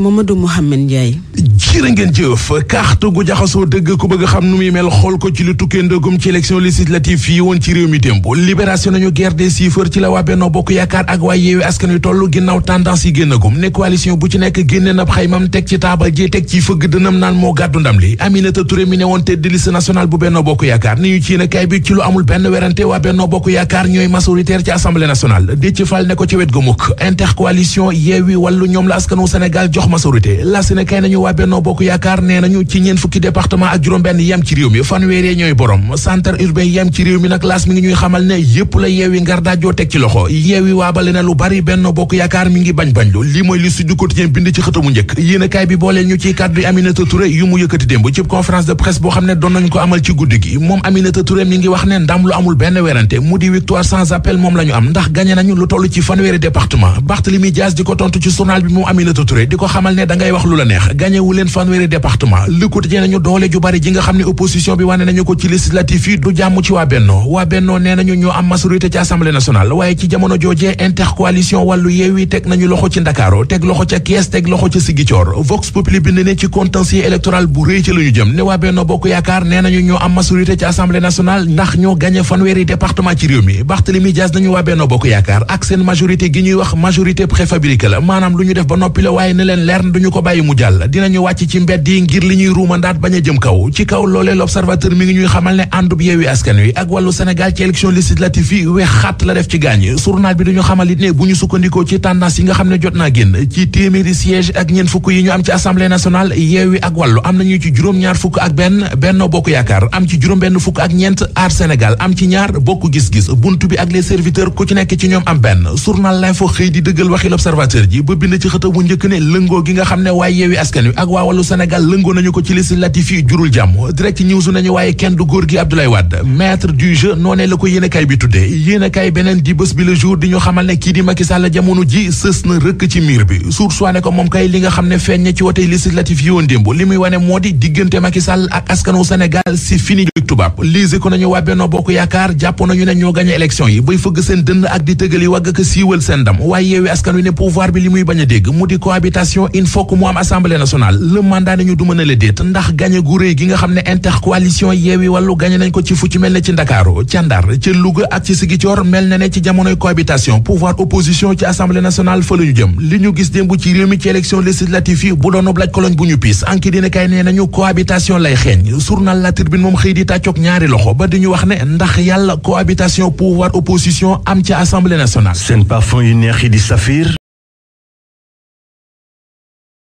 Mamadou Mouhamed Ndiaye. jërë ngeen jëf carte gu jaxasoo dëgg ku bëgg xam nu muy mel xool ko ci lu tukkee ndëggum ci élection législative yi woon ci réew mi démb libération nañu guerre des ci la waa Benno Bokk Yaakaar ak waa Yewwi Askan Wi toll ginnaaw yi génnagum ne coalition bu ci nekk génne na xaymam teg ci taabal ji teg ci fëgg dënam naan moo gàddu ndam li Aminata Touré mi ne woon tête de liste bu Benno Bokk Yaakaar ni ñu jox majorité la si ne kay nañu waa Benno Bokk Yaakaar nee nañu ci ñeen fukki département ak juróom-benn yam ci réew mi fanweeree ñooy borom centre urbain yam ci réew mi nag laas mi ngi ñuy xamal ne yépp la yeewi ngar daajoo teg ci loxo yeewi waabale na lu bari Benno Bokk Yaakaar mi ngi bañ bañ lu lii mooy li Sud Quotidien bind ci xëtamu njëkk yéenekaay bi booleel ñu ci kàddu Aminata Touré yu mu yëkkati démb ci conférence de presse boo xam ne doon nañu ko amal ci guddi gi moom Aminata ngi wax ne ndam lu benn werante mu di victoire la ñu am ndax gagné nañu lu toll ci fanweeri département Barthélémy Dias ko tontu ci journal bi moom Aminata Touré ko xamal ne dangay wax lu la neex gañewu leen fanweeri département Le Quotidien nañu doole ju bari ji nga xam ne opposition bi wane nañu ko ci législatif yi du jàmm ci waa Benno nee nañu ñoo am majorité ci assemblée nationale waaye ci jamono joojee intercoalition wàllu yeewi teg nañu loxo ci Ndakaaru teg loxo ca Kees teg loxo ca Sigicoor Vox Populi bind ne ci contentieux électoral bu rëy ci la jëm ne waa Benno Bokk Yaakaar nee nañu ñoo am leer na duñu ko bàyyi mu jàll dinañu wàcc ci mbedd yi ngir li ñuy ruumandaat bañ a jëm kaw ci kaw loolee l'observateur mi ngi ñuy xamal ne àndub yeewi askan wi ak wàllu Sénégal ci élection législative yi we xaat la def ci gaañ journal bi dañu xamal ne bu ñu sukkandikoo ci tendance yi nga xam ne jot naa génn ci téeméeri siège ak ñeent fukk yi ñu am ci assemblée nationale yeewi ak wàllu am nañu ci juróom-ñaar fukk ak benn Benno Bokk Yaakaar am ci juróom benn fukk ak ñeent aar Sénégal am ci ñaar bokk gis-gis bunt bi ak les serviteurs ku ci nekk ci ñoom am benn journal l'info xëy di dëggal waxi l'observateur ji ba bind ci xëta bu njëkk ne lëngoo lëngoo gi nga xam ne waaye yeewi askan wi ak waa wàllu Sénégal lëngoo nañu ko ci législatif yi jurul jàmm direct news nañu waaye kenn du góor gi Abdoulaye Wade maître du jeu noonee la ko yéenekaay bi tuddee yéenekaay beneen di bés bi le jour di ñu xamal ne kii di Macky Sall ji sës na rëkk ci miir bi source waa ko moom kay li nga xam ne feeñ na ci wotey législatif yi woon démb li muy wane moo di diggante Macky ak askanu Sénégal si fini jóg tubaab ko nañu waa Benno Bokk Yaakaar jàpp nañu ne ñoo gañe élection yi bay fëgg seen dënn ak di tëgal yi li muy bañ a dégg coalition il faut que mu am assemblée nationale le mandat nañu du mën a la déet ndax gañe gu réy gi nga xam ne intercoalition yeewi wàllu gañe nañ ko ci fu ci mel ne ci ndakaaru ca ndar ca Louga ak ci Sigicoor mel na ne ci jamonoy cohabitation pouvoir opposition ci assemblée nationale fa la ñu jëm li ñu gis démb ci réew mi ci élection législative yi bu doonub laj koloñ bu ñu piis anki dina kay nee nañu cohabitation lay xeeñ journal La Tribune moom xëy di tàccoog ñaari loxo ba di ñu wax ne ndax yàlla cohabitation pouvoir opposition am ci assemblée nationale seen parfum yu neex yi di safir